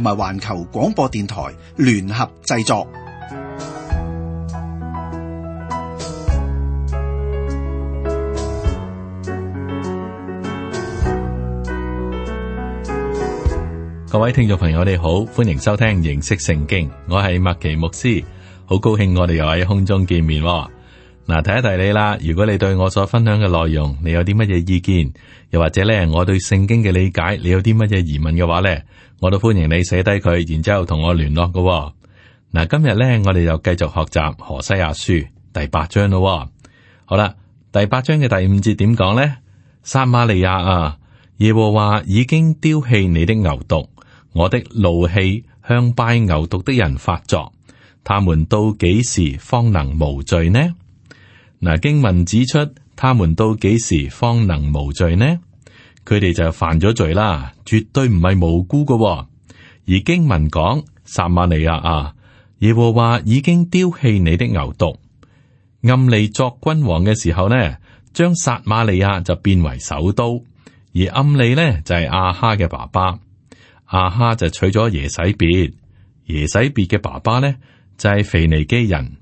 同埋環球廣播電台聯合製作。各位聽眾朋友你好，歡迎收聽認識聖經，我係麥奇牧師，好高興我哋又喺空中見面。嗱，睇一睇你啦。如果你對我所分享嘅內容，你有啲乜嘢意見，又或者咧我對聖經嘅理解，你有啲乜嘢疑問嘅話咧，我都歡迎你寫低佢，然之後同我聯絡嘅。嗱，今日咧我哋又繼續學習何西亞書第八章咯。好啦，第八章嘅，哦、第、第五節點講咧？撒瑪利亞啊，耶和華已經丟棄你的牛犢，我的怒氣向拜牛犢的人發作，他們到幾時方能無罪呢？嗱，經文指出，他們到幾時方能無罪呢？佢哋就犯咗罪啦，絕對唔係無辜㗎。而經文講，撒瑪利亞啊，耶和華已經丟棄你的牛犢。暗利作君王嘅時候呢，將撒瑪利亞就變為首都，而暗利呢就係、是、阿哈嘅爸爸，阿哈就娶咗耶洗別，耶洗別嘅爸爸呢就係、是、腓尼基人。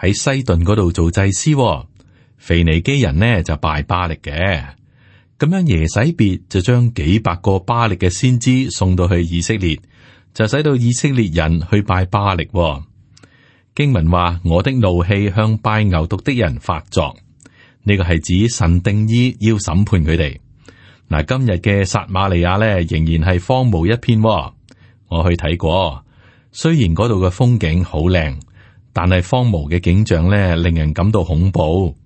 喺西頓嗰度做祭司、哦，腓尼基人呢就拜巴力嘅。咁樣耶洗別就將幾百個巴力嘅先知送到去以色列，就使到以色列人去拜巴力、哦。經文話：我的怒氣向拜牛犢的人發作，呢個係指神定意要審判佢哋。嗱，今日嘅撒瑪利亞呢，仍然係荒蕪一片、哦。我去睇過，雖然嗰度嘅風景好靚。但係荒蕪嘅景象咧，令人感到恐怖。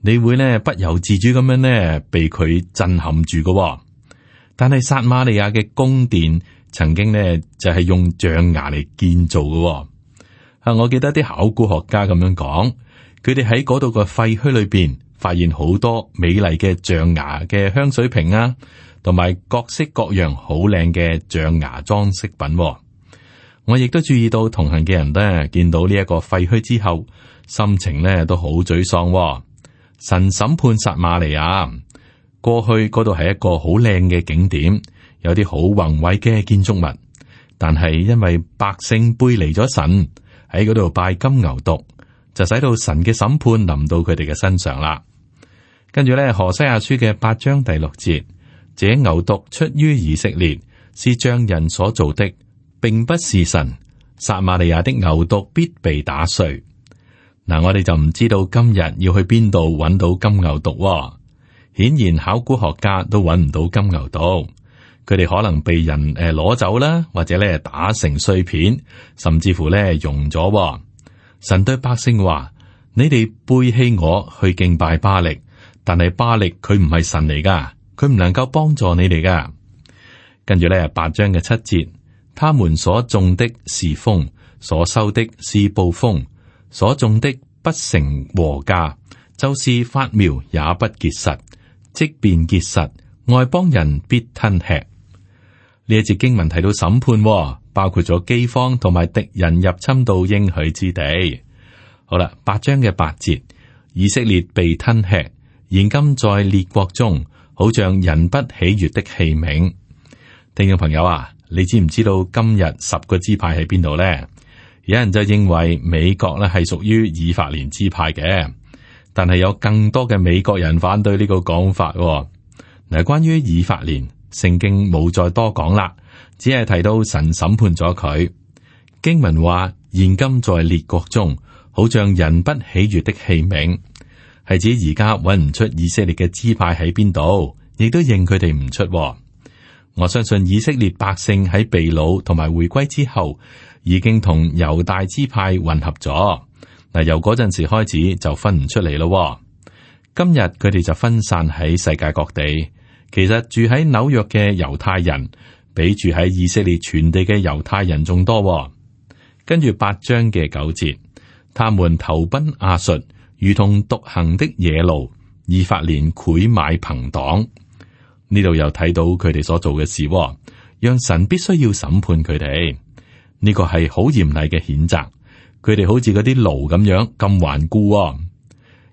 你會咧不由自主咁樣咧，被佢震撼住噶。但係撒瑪利亞嘅宮殿曾經咧就係用象牙嚟建造噶。啊，我記得啲考古學家咁樣講，佢哋喺嗰度個廢墟裏邊發現好多美麗嘅象牙嘅香水瓶啊，同埋各式各樣好靚嘅象牙裝飾品。我亦都注意到同行嘅人咧，見到呢一個廢墟之後，心情咧都好沮喪哦。神審判撒瑪利亞，過去嗰度係一個好靚嘅景點，有啲好宏偉嘅建築物，但係因為百姓背離咗神，喺嗰度拜金牛犢，就使到神嘅審判臨到佢哋嘅身上啦。跟住咧，何西阿書嘅八章第六節，這牛犢出於以色列，是匠人所做的。並不是神，撒瑪利亞的牛犢必被打碎。嗱，我哋就唔知道今日要去邊度揾到金牛犢喎。顯然考古學家都揾唔到金牛犢，佢哋可能被人誒攞、呃、走啦，或者咧打成碎片，甚至乎咧溶咗喎。神對百姓話：你哋背棄我去敬拜巴力，但係巴力佢唔係神嚟噶，佢唔能夠幫助你哋噶。跟住咧，八章嘅七節。他們所種的是風，所收的是暴風，所種的不成禾稼，就是發苗也不結實。即便結實，外邦人必吞吃。呢一節經文提到審判，哦，包括咗饑荒同埋敵人入侵到應許之地。好啦，八章嘅八節，以色列被吞吃，現今在列國中，好像人不喜悅的器皿。聽眾朋友啊！你知唔知道今日十個支派喺邊度咧？有人就認為美國咧係屬於以法蓮支派嘅，但係有更多嘅美國人反對呢個講法、哦。嗱，關於以法蓮，聖經冇再多講啦，只係提到神審判咗佢。經文話：現今在列國中，好像人不喜悦的器皿，係指而家搵唔出以色列嘅支派喺邊度，亦都認佢哋唔出、哦。我相信以色列百姓喺被擄同埋回歸之後，已經同猶大支派混合咗。嗱，由嗰陣時開始就分唔出嚟咯。今日佢哋就分散喺世界各地。其實住喺紐約嘅猶太人，比住喺以色列全地嘅猶太人仲多。跟住八章嘅九節，他們投奔亞述，如同獨行的野驢，以法蓮賄買朋黨。呢度又睇到佢哋所做嘅事、哦，讓神必須要審判佢哋。呢個係好嚴厲嘅譴責。佢哋好似嗰啲驢咁樣咁頑固、哦。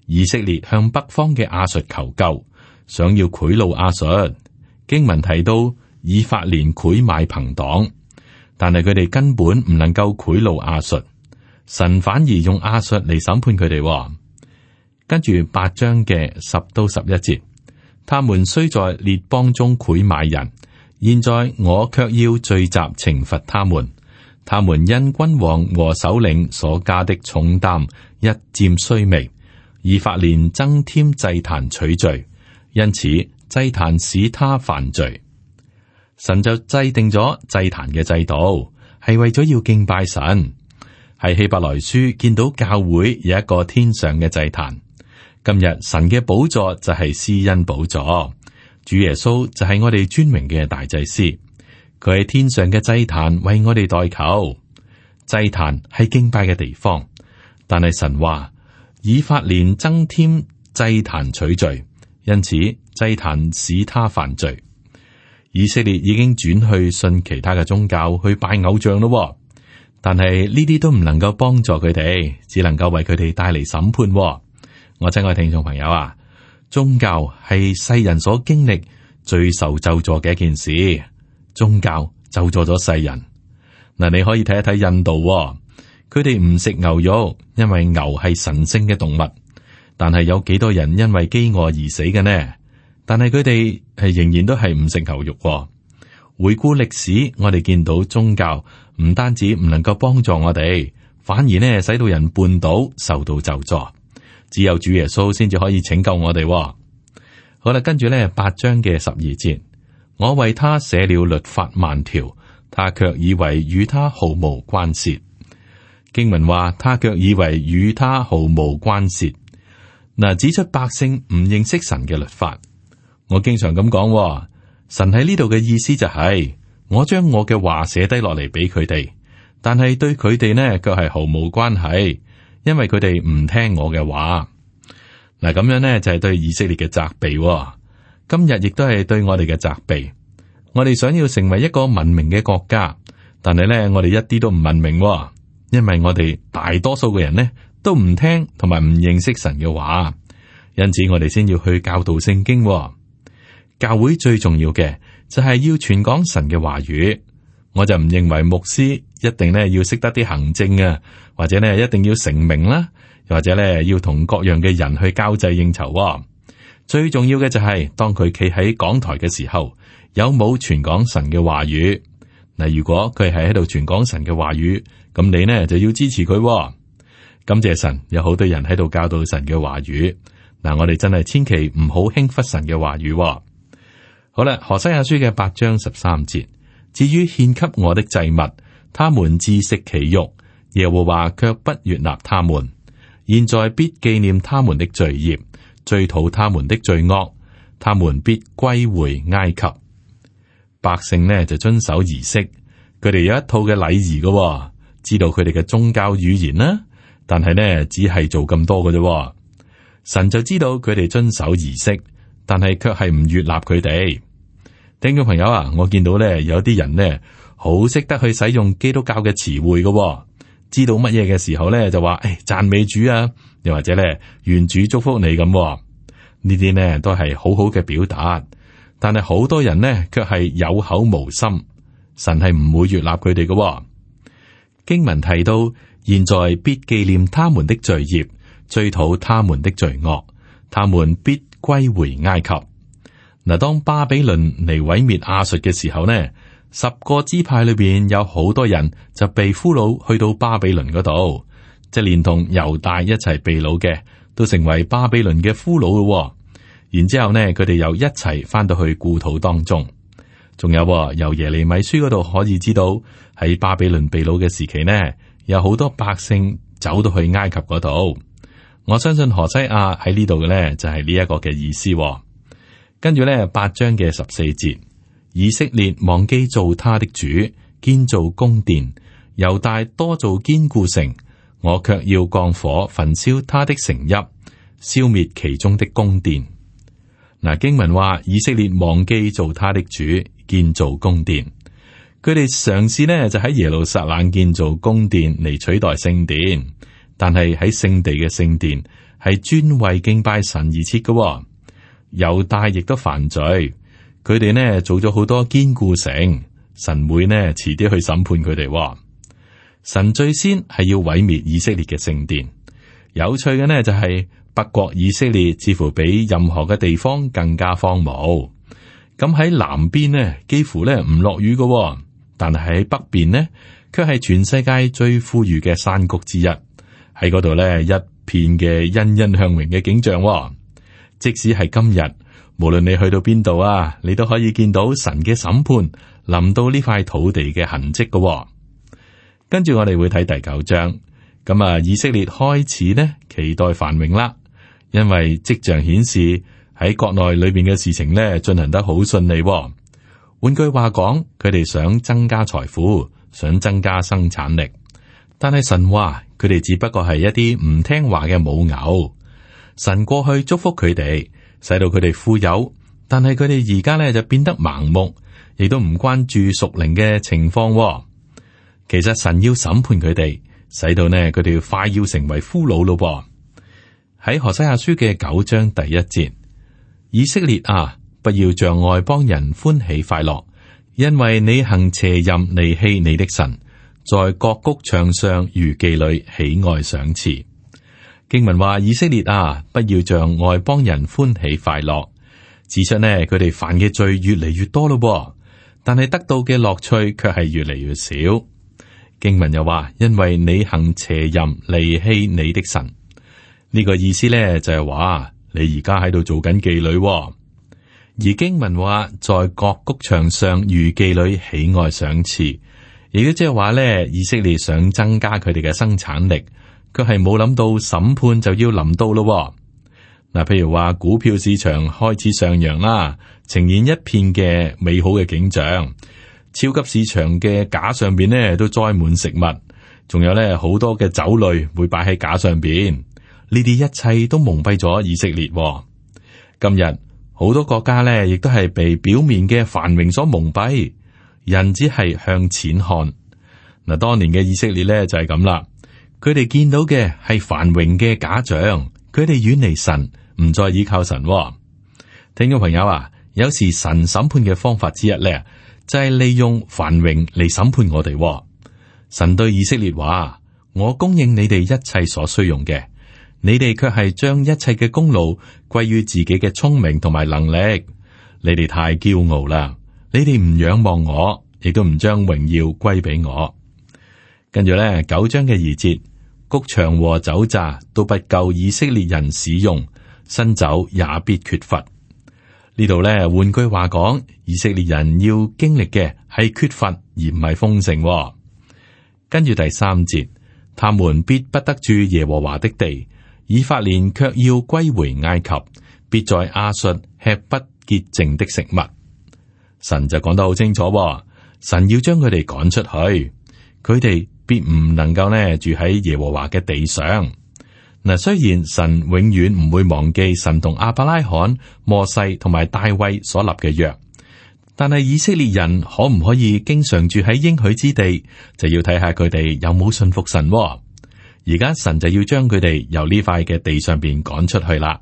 以色列向北方嘅亞述求救，想要賄賂亞述。經文提到以法蓮賄買朋黨，但係佢哋根本唔能夠賄賂亞述。神反而用亞述嚟審判佢哋、哦。跟住八章嘅十到十一節。他們雖在列邦中賄買人，現在我却要聚集懲罰他們。他們因君王和首領所加的重擔一漸衰微，以法連增添祭壇取罪，因此祭壇使他犯罪。神就制定咗祭壇嘅制度，係為咗要敬拜神。喺希伯來書見到教會有一個天上嘅祭壇。今日神嘅寶座就係施恩寶座，主耶穌就係我哋尊榮嘅大祭司，佢喺天上嘅祭壇為我哋代求。祭壇係敬拜嘅地方，但係神話以法蓮增添祭壇取罪，因此祭壇使他犯罪。以色列已經轉去信其他嘅宗教去拜偶像咯，但係呢啲都唔能夠幫助佢哋，只能夠為佢哋帶嚟審判。我親愛嘅聽眾朋友啊，宗教係世人所經歷最受咒詛嘅一件事。宗教咒詛咗世人嗱、啊，你可以睇一睇印度、哦，佢哋唔食牛肉，因為牛係神聖嘅動物。但係有幾多人因為飢餓而死嘅呢？但係佢哋係仍然都係唔食牛肉、哦。回顧歷史，我哋見到宗教唔單止唔能夠幫助我哋，反而呢使到人絆倒，受到咒詛。只有主耶穌先至可以拯救我哋。好啦，跟住呢八章嘅十二節，我為他寫了律法萬條，他卻以為與他毫無關涉。經文話，他卻以為與他毫無關涉。嗱，指出百姓唔認識神嘅律法。我經常咁講、哦，神喺呢度嘅意思就係、是，我將我嘅話寫低落嚟俾佢哋，但係對佢哋呢，卻係毫無關係。因為佢哋唔聽我嘅話，嗱咁樣呢，就係對以色列嘅責備，哦。今日亦都係對我哋嘅責備。我哋想要成為一個文明嘅國家，但係呢，我哋一啲都唔文明，哦，因為我哋大多數嘅人呢，都唔聽同埋唔認識神嘅話，因此我哋先要去教導聖經，哦。教會最重要嘅就係要傳講神嘅話語。我就唔認為牧師一定咧要識得啲行政啊，或者咧一定要成名啦，或者咧要同各樣嘅人去交際應酬。最重要嘅就係當佢企喺講台嘅時候，有冇傳講神嘅話語？嗱，如果佢係喺度傳講神嘅話語，咁你呢就要支持佢。感謝神，有好多人喺度教導神嘅話語。嗱，我哋真係千祈唔好輕忽神嘅話語。好啦，《何西阿書》嘅八章十三節。至於獻給我的祭物，他們自食其肉。耶和華卻不悦納他們。現在必紀念他們的罪孽，追討他們的罪惡，他們必歸回埃及。百姓呢就遵守儀式，佢哋有一套嘅禮儀嘅，知道佢哋嘅宗教語言啦。但係呢只係做咁多嘅啫。神就知道佢哋遵守儀式，但係卻係唔悦納佢哋。聽眾朋友啊，我見到咧有啲人呢好識得去使用基督教嘅詞彙嘅，知道乜嘢嘅時候咧就話誒讚美主啊，又或者咧願主祝福你咁、哦，呢啲呢都係好好嘅表達。但係好多人呢，卻係有口無心，神係唔會悦納佢哋嘅。經文提到，現在必紀念他們的罪孽，追討他們的罪惡，他們必歸回埃及。嗱，當巴比倫嚟毀滅亞述嘅時候呢，十個支派裏邊有好多人就被俘虜去到巴比倫嗰度，即係連同猶大一齊被擄嘅，都成為巴比倫嘅俘虜咯、哦。然之後呢，佢哋又一齊返到去故土當中。仲有、哦、由耶利米書嗰度可以知道，喺巴比倫被擄嘅時期呢，有好多百姓走到去埃及嗰度。我相信何西阿喺呢度嘅呢，就係呢一個嘅意思、哦。跟住咧，八章嘅十四節，以色列忘記做他的主，建造宮殿，猶大多做堅固城，我卻要降火焚燒他的城邑，消滅其中的宮殿。嗱、啊，經文話以色列忘記做他的主，建造宮殿，佢哋嘗試呢，就喺耶路撒冷建造宮殿嚟取代聖殿，但係喺聖地嘅聖殿係專為敬拜神而設嘅、哦。猶大亦都犯罪，佢哋呢做咗好多堅固城，神會呢遲啲去審判佢哋哦。神最先係要毀滅以色列嘅聖殿。有趣嘅呢就係北國以色列似乎比任何嘅地方更加荒蕪。咁喺南邊呢幾乎呢唔落雨嘅哦，但係喺北邊呢卻係全世界最富裕嘅山谷之一。喺嗰度呢一片嘅欣欣向榮嘅景象，哦。即使係今日，無論你去到邊度啊，你都可以見到神嘅審判臨到呢塊土地嘅痕跡嘅，哦。跟住我哋會睇第九章，咁啊，以色列開始呢期待繁榮啦，因為跡象顯示喺國內裏面嘅事情呢進行得好順利，哦。換句話講，佢哋想增加財富，想增加生產力，但係神話佢哋只不過係一啲唔聽話嘅母牛。神過去祝福佢哋，使到佢哋富有，但係佢哋而家呢就變得盲目，亦都唔關注屬靈嘅情況。其實神要審判佢哋，使到呢佢哋快要成為俘虜咯。喎，喺何西阿書嘅九章第一節，以色列啊，不要像外邦人歡喜快樂，因為你行邪淫，離棄你的神，在各谷唱上如妓女，喜愛賞賜。經文話：以色列啊，不要像外邦人歡喜快樂，指出呢佢哋犯嘅罪越嚟越多咯喎，但係得到嘅樂趣卻係越嚟越少。經文又話：因為你行邪淫，離棄你的神，呢、這個意思咧就係、是、話你而家喺度做緊妓女、哦。而經文話：在各谷場上如妓女，喜愛賞賜，亦都即係話咧，以色列想增加佢哋嘅生產力。佢係冇諗到審判就要臨到咯。嗱，譬如話股票市場開始上揚啦，呈現一片嘅美好嘅景象。超級市場嘅架上邊呢都栽滿食物，仲有呢好多嘅酒類會擺喺架上邊。呢啲一切都蒙蔽咗以色列。今日好多國家呢亦都係被表面嘅繁榮所蒙蔽，人只係向前看。嗱，當年嘅以色列呢就係咁啦。佢哋見到嘅係繁榮嘅假象，佢哋遠離神，唔再依靠神、哦。聽眾朋友啊，有時神審判嘅方法之一咧，就係、是、利用繁榮嚟審判我哋、哦。神對以色列話：我供應你哋一切所需用嘅，你哋卻係將一切嘅功勞歸於自己嘅聰明同埋能力。你哋太驕傲啦！你哋唔仰望我，亦都唔將榮耀歸俾我。跟住咧，九章嘅二節。穀場和酒榨都不夠以色列人使用，新酒也必缺乏。呢度呢，換句話講，以色列人要經歷嘅係缺乏而唔係豐盛。跟住第三節，他們必不得住耶和華的地，以法蓮卻要歸回埃及，必在亞述吃不潔淨的食物。神就講得好清楚、哦，神要將佢哋趕出去，佢哋。必唔能夠呢住喺耶和華嘅地上嗱。雖然神永遠唔會忘記神同亞伯拉罕、摩西同埋大衛所立嘅約，但係以色列人可唔可以經常住喺應許之地，就要睇下佢哋有冇信服神。而家神就要將佢哋由呢塊嘅地上邊趕出去啦。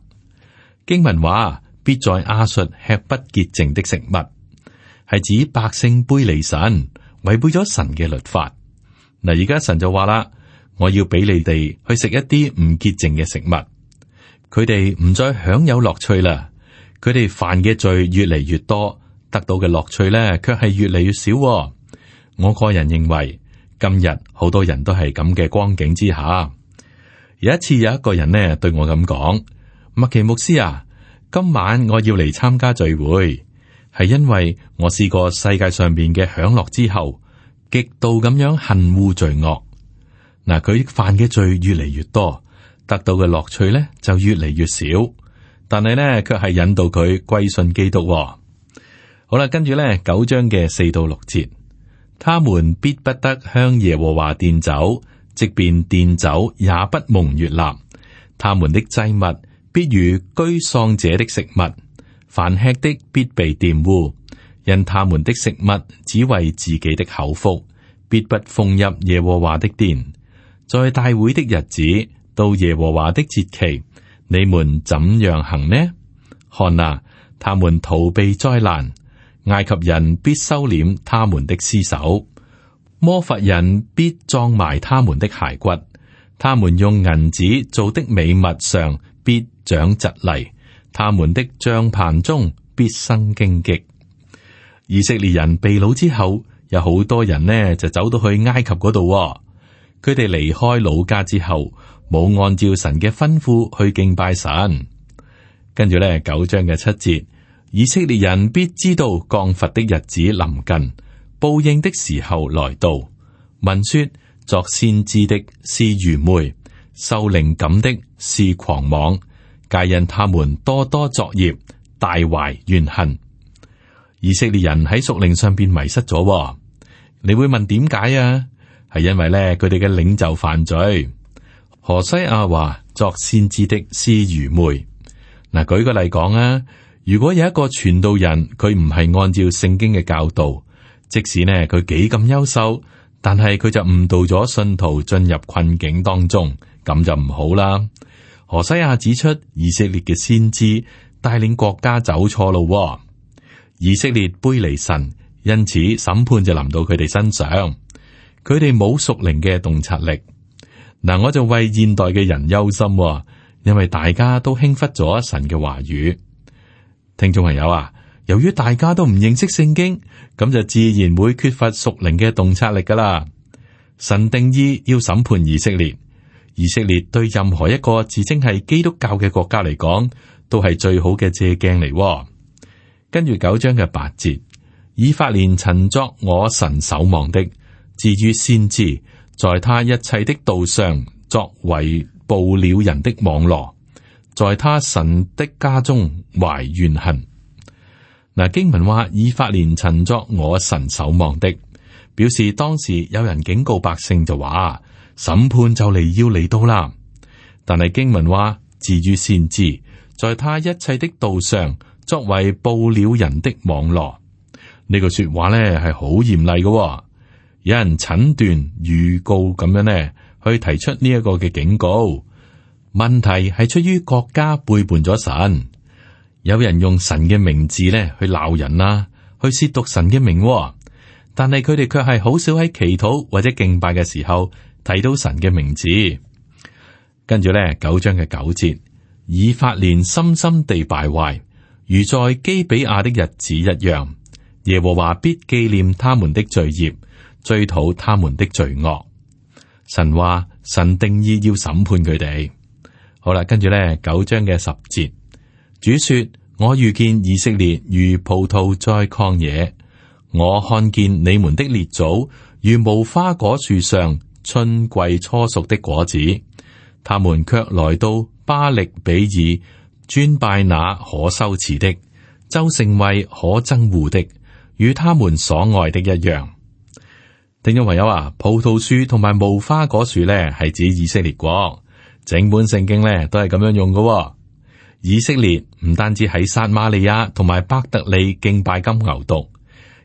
經文話必在亞述吃不潔淨的食物，係指百姓背離神，違背咗神嘅律法。嗱，而家神就話啦，我要俾你哋去食一啲唔潔淨嘅食物，佢哋唔再享有樂趣啦，佢哋犯嘅罪越嚟越多，得到嘅樂趣呢，卻係越嚟越少喎。我個人認為，今日好多人都係咁嘅光景之下。有一次，有一個人呢對我咁講：麥奇牧師啊，今晚我要嚟參加聚會，係因為我試過世界上邊嘅享樂之後。極度咁樣恨惡罪惡，嗱，佢犯嘅罪越嚟越多，得到嘅樂趣呢就越嚟越少，但係呢，卻係引導佢歸信基督。好啦，跟住呢，九章嘅四到六節，他們必不得向耶和華奠酒，即便奠酒也不蒙悅納。他們的祭物必如居，居喪者的食物，凡吃的必被玷污。因他們的食物只為自己的口腹，必不奉入耶和華的殿。在大會的日子，到耶和華的節期，你們怎樣行呢？看啊，他們逃避災難，埃及人必收殮他們的屍首，摩弗人必葬埋他們的骸骨。他們用銀子做的美物上必長蒺藜，他們的帳棚中必生荊棘。以色列人被擄之後，有好多人呢就走到去埃及嗰度、哦。佢哋離開老家之後，冇按照神嘅吩咐去敬拜神。跟住咧九章嘅七節，以色列人必知道降罰的日子臨近，報應的時候來到。文說作先知的，是愚昧；受靈感的，是狂妄。皆因他們多多作孽，大懷怨恨。以色列人喺屬靈上邊迷失咗，你會問點解啊？係因為咧佢哋嘅領袖犯罪。何西阿話：作先知的，是愚昧。嗱，舉個例講啊，如果有一個傳道人，佢唔係按照聖經嘅教導，即使咧佢幾咁優秀，但係佢就誤導咗信徒進入困境當中，咁就唔好啦。何西阿指出，以色列嘅先知帶領國家走錯路。以色列背離神，因此審判就臨到佢哋身上。佢哋冇屬靈嘅洞察力，嗱，我就為現代嘅人憂心，因為大家都輕忽咗神嘅話語。聽眾朋友啊，由於大家都唔認識聖經，咁就自然會缺乏屬靈嘅洞察力㗎喇。神定義要審判以色列，以色列對任何一個自稱係基督教嘅國家嚟講，都係最好嘅借鏡嚟。跟住九章嘅八節，以法蓮曾作我神守望的，至於先知，在他一切的道上，作為捕鳥人的網羅，在他神的家中懷怨恨。嗱，經文話以法蓮曾作我神守望的，表示當時有人警告百姓就話審判就嚟要嚟到啦。但係經文話至於先知，在他一切的道上。作為報料人的網絡呢、呢個說話呢係好嚴厲嘅、哦。有人診斷預告咁樣呢，去提出呢一個嘅警告。問題係出於國家背叛咗神，有人用神嘅名字呢去鬧人啦，去褻瀆神嘅名、哦。但係佢哋卻係好少喺祈禱或者敬拜嘅時候睇到神嘅名字。跟住呢，九章嘅九節以法連深深地敗壞。如在基比亞的日子一樣，耶和華必紀念他們的罪孽，追討他們的罪惡。神話神定義要審判佢哋。好啦，跟住咧九章嘅十節，主說：我遇見以色列如葡萄在曠野，我看見你們的列祖如無花果樹上春季初熟的果子，他們卻來到巴力毗珥。專拜那可羞恥的，周成為可憎護的，與他們所愛的一樣。聽眾朋友啊，葡萄樹同埋無花果樹呢，係指以色列國。整本聖經呢，都係咁樣用噶、哦。以色列唔單止喺撒瑪利亞同埋伯特利敬拜金牛犢，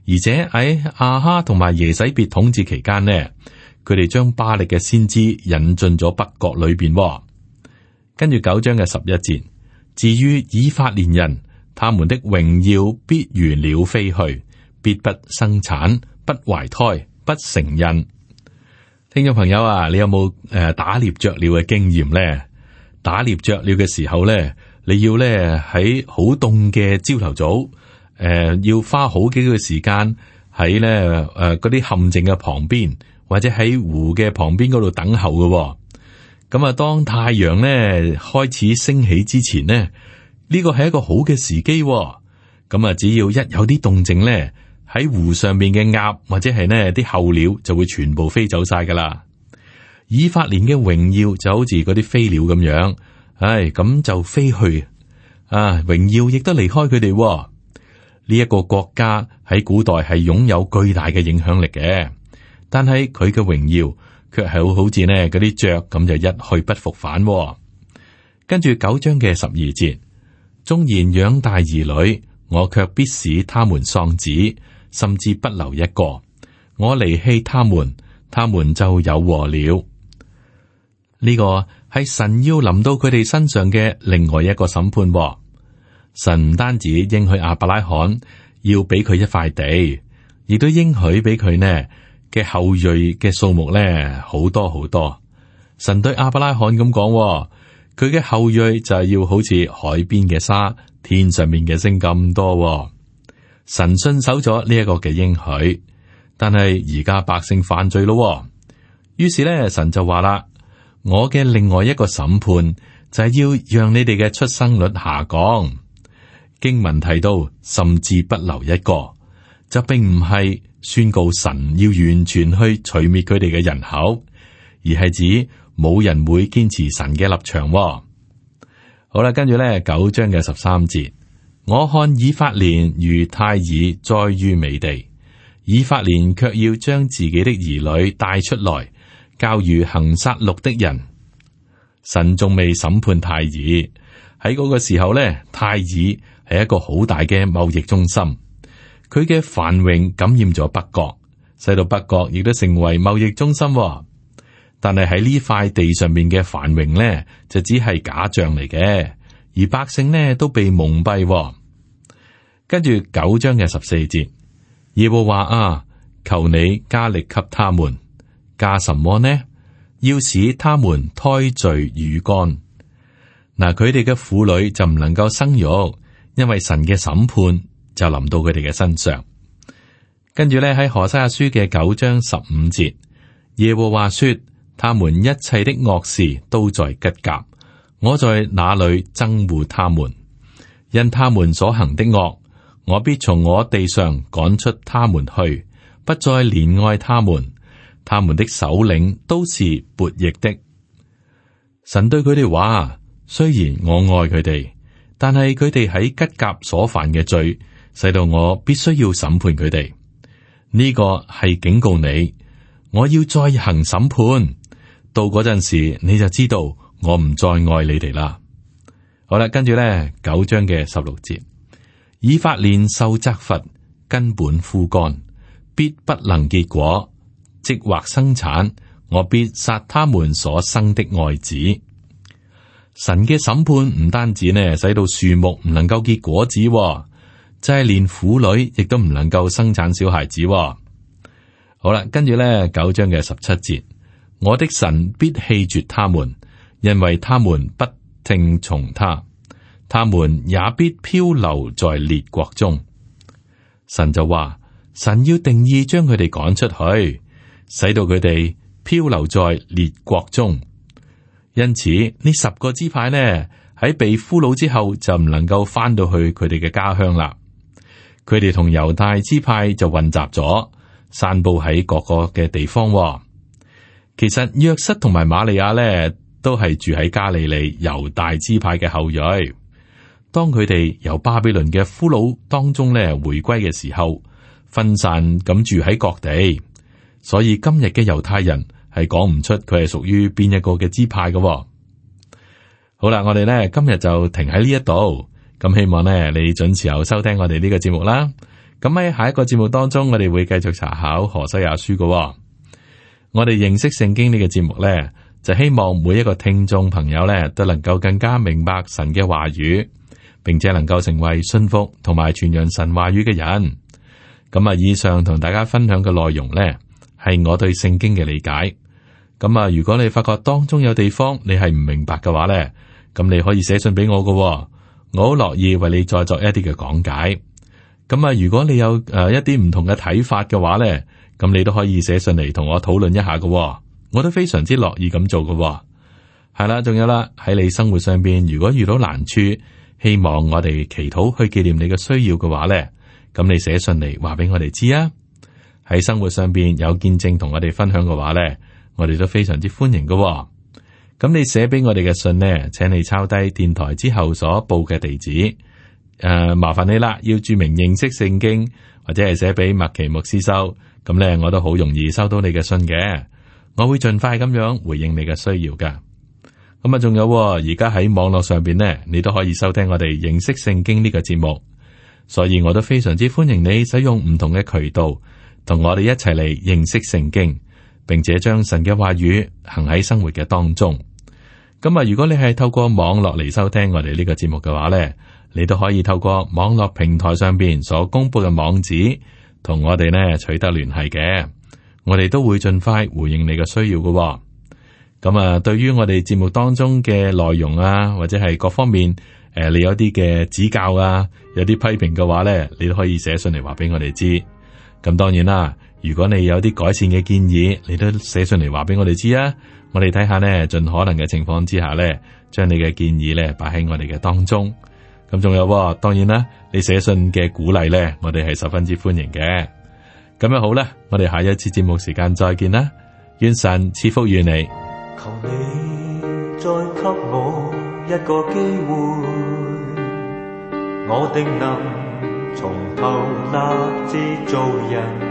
而且喺阿、哎啊、哈同埋耶洗別統治期間呢，佢哋將巴力嘅先知引進咗北國裏邊、哦。跟住九章嘅十一節。至於以法蓮人，他們的榮耀必如鳥飛去，必不生產，不懷胎，不成孕。聽眾朋友啊，你有冇誒打獵雀鳥嘅經驗咧？打獵雀鳥嘅時候咧，你要咧喺好凍嘅朝頭早，誒、呃、要花好幾個時間喺咧誒嗰啲陷阱嘅旁邊，或者喺湖嘅旁邊嗰度等候嘅、哦。咁啊，當太陽咧開始升起之前呢，呢個係一個好嘅時機。咁啊，只要一有啲動靜咧，喺湖上面嘅鴨或者係呢啲候鳥就會全部飛走晒噶啦。以法蓮嘅榮耀就好似嗰啲飛鳥咁樣，唉，咁就飛去啊！榮耀亦都離開佢哋。呢、這、一個國家喺古代係擁有巨大嘅影響力嘅，但係佢嘅榮耀。卻係好好似呢嗰啲雀咁就一去不復返、哦。跟住九章嘅十二節，縱然養大兒女，我卻必使他們喪子，甚至不留一個。我離棄他們，他們就有禍了。呢、這個係神要臨到佢哋身上嘅另外一個審判、哦。神唔單止應許亞伯拉罕要俾佢一塊地，亦都應許俾佢呢嘅後裔嘅數目咧好多好多，神對亞伯拉罕咁講、哦，佢嘅後裔就係要好似海邊嘅沙、天上面嘅星咁多、哦。神信守咗呢一個嘅應許，但係而家百姓犯罪咯，於是咧神就話啦：我嘅另外一個審判就係要讓你哋嘅出生率下降。經文提到，甚至不留一個。就並唔係宣告神要完全去除滅佢哋嘅人口，而係指冇人會堅持神嘅立場。好啦，跟住咧九章嘅十三節，我看以法蓮與太爾栽於美地，以法蓮卻要將自己的兒女帶出來，交與行殺戮的人。神仲未審判太爾喺嗰個時候咧，太爾係一個好大嘅貿易中心。佢嘅繁榮感染咗北國，使到北國亦都成為貿易中心，哦。但係喺呢塊地上面嘅繁榮呢，就只係假象嚟嘅，而百姓呢都被蒙蔽，哦。跟住九章嘅十四節，耶和華啊，求你加力給他們，加什麼呢？要使他們胎墮乳乾。嗱、啊，佢哋嘅婦女就唔能夠生育，因為神嘅審判就臨到佢哋嘅身上，跟住呢，喺何西阿書嘅九章十五節，耶和華說：他們一切的惡事都在吉甲，我在那裡憎惡他們。因他們所行的惡，我必從我地上趕出他們去，不再憐愛他們。他們的首領都是悖逆的。神對佢哋話：雖然我愛佢哋，但係佢哋喺吉甲所犯嘅罪。使到我必須要審判佢哋。呢個係警告你，我要再行審判。到嗰陣時，你就知道我唔再愛你哋啦。好啦，跟住咧九章嘅十六節，以法蓮受責罰，根本枯乾，必不能結果，即或生產，我必殺他們所生的愛子。神嘅審判唔單止呢，使到樹木唔能夠結果子。即係連婦女亦都唔能夠生產小孩子。好啦，跟住咧九章嘅十七節，我的神必棄絕他們，因為他們不聽從他，他們也必漂流在列國中。神就話：神要定義將佢哋趕出去，使到佢哋漂流在列國中。因此呢十個支派呢喺被俘虜之後就唔能夠返到去佢哋嘅家鄉啦。佢哋同猶太支派就混雜咗，散布喺各個嘅地方、哦。其實約瑟同埋瑪利亞咧，都係住喺加利利猶大支派嘅後裔。當佢哋由巴比倫嘅俘虜當中咧回歸嘅時候，分散咁住喺各地。所以今日嘅猶太人係講唔出佢係屬於邊一個嘅支派嘅、哦。好啦，我哋咧今日就停喺呢一度。咁希望呢，你準時候收聽我哋呢個節目啦。咁喺下一個節目當中，我哋會繼續查考《何西阿書》㗎喎。我哋認識聖經呢個節目呢，就希望每一個聽眾朋友呢，都能夠更加明白神嘅話語，並且能夠成為信服同埋傳揚神話語嘅人。咁啊，以上同大家分享嘅內容呢，係我對聖經嘅理解。咁啊，如果你發覺當中有地方你係唔明白嘅話呢，咁你可以寫信俾我㗎喎。我好樂意為你再作一啲嘅講解。咁啊，如果你有誒一啲唔同嘅睇法嘅話咧，咁你都可以寫信嚟同我討論一下嘅，我都非常之樂意咁做嘅。係啦，仲有啦，喺你生活上邊如果遇到難處，希望我哋祈禱去紀念你嘅需要嘅話咧，咁你寫信嚟話俾我哋知啊。喺生活上邊有見證同我哋分享嘅話咧，我哋都非常之歡迎嘅。咁你寫俾我哋嘅信呢？請你抄低電台之後所報嘅地址，誒、呃，麻煩你啦，要注明認識聖經或者係寫俾麥奇牧師收，咁咧我都好容易收到你嘅信嘅，我會儘快咁樣回應你嘅需要噶。咁、嗯、啊，仲有而家喺網絡上邊呢，你都可以收聽我哋認識聖經呢、這個節目，所以我都非常之歡迎你使用唔同嘅渠道，同我哋一齊嚟認識聖經，並且將神嘅話語行喺生活嘅當中。咁啊，如果你係透過網絡嚟收聽我哋呢個節目嘅話呢，你都可以透過網絡平台上邊所公布嘅網址，同我哋呢取得聯繫嘅。我哋都會盡快回應你嘅需要嘅。咁啊，對於我哋節目當中嘅內容啊，或者係各方面，誒，你有啲嘅指教啊，有啲批評嘅話呢，你都可以寫信嚟話俾我哋知。咁當然啦。如果你有啲改善嘅建議，你都寫信嚟，話俾我哋知啊！我哋睇下呢，盡可能嘅情況之下呢，將你嘅建議呢擺喺我哋嘅當中。咁仲有，當然啦，你寫信嘅鼓勵呢，我哋係十分之歡迎嘅。咁樣好咧，我哋下一次節目時間再見啦！願神賜福與你。求你再給我一個機會，我定能從頭立志做人。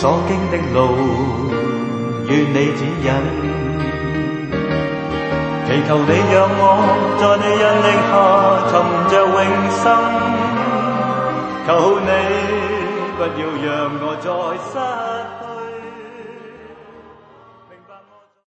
所經的路，願你指引。祈求你讓我，在你引領下尋着永生。求你不要讓我再失。